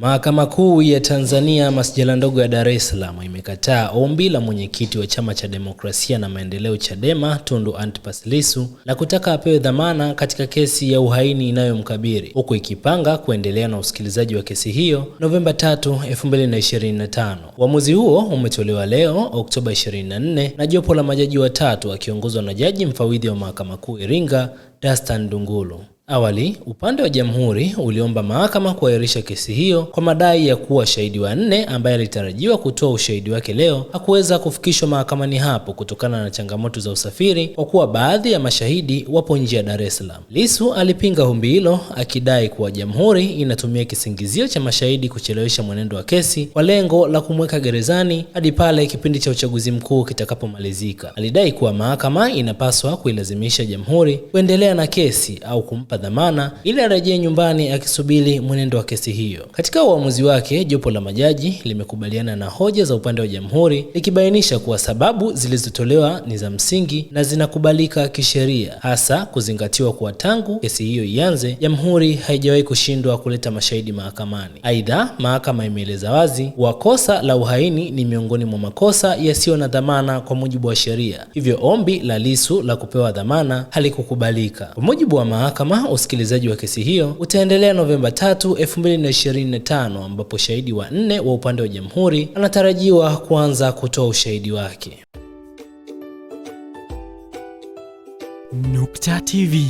Mahakama Kuu ya Tanzania masjala ndogo ya Dar es Salaam imekataa ombi la mwenyekiti wa Chama cha Demokrasia na Maendeleo Chadema Tundu Antipas Lissu la kutaka apewe dhamana katika kesi ya uhaini inayomkabili huku ikipanga kuendelea na usikilizaji wa kesi hiyo Novemba 3, 2025. Uamuzi huo umetolewa leo Oktoba 24 na jopo la majaji watatu akiongozwa na jaji mfawidhi wa Mahakama Kuu Iringa Dastan Dungulu. Awali upande wa jamhuri uliomba mahakama kuahirisha kesi hiyo kwa madai ya kuwa shahidi wa nne ambaye alitarajiwa kutoa ushahidi wake leo hakuweza kufikishwa mahakamani hapo kutokana na changamoto za usafiri kwa kuwa baadhi ya mashahidi wapo nje ya Dar es Salaam. Lissu alipinga ombi hilo akidai kuwa jamhuri inatumia kisingizio cha mashahidi kuchelewesha mwenendo wa kesi kwa lengo la kumweka gerezani hadi pale kipindi cha uchaguzi mkuu kitakapomalizika. Alidai kuwa mahakama inapaswa kuilazimisha jamhuri kuendelea na kesi au kumpa dhamana ili arejee nyumbani akisubiri mwenendo wa kesi hiyo. Katika uamuzi wake, jopo la majaji limekubaliana na hoja za upande wa jamhuri likibainisha kuwa sababu zilizotolewa ni za msingi na zinakubalika kisheria, hasa kuzingatiwa kuwa tangu kesi hiyo ianze, jamhuri haijawahi kushindwa kuleta mashahidi mahakamani. Aidha, mahakama imeeleza wazi kuwa kosa la uhaini ni miongoni mwa makosa yasiyo na dhamana kwa mujibu wa sheria, hivyo ombi la Lissu la kupewa dhamana halikukubalika. Kwa mujibu wa mahakama, usikilizaji wa kesi hiyo utaendelea Novemba 3, 2025 ambapo shahidi wa nne wa upande wa jamhuri anatarajiwa kuanza kutoa ushahidi wake. Nukta TV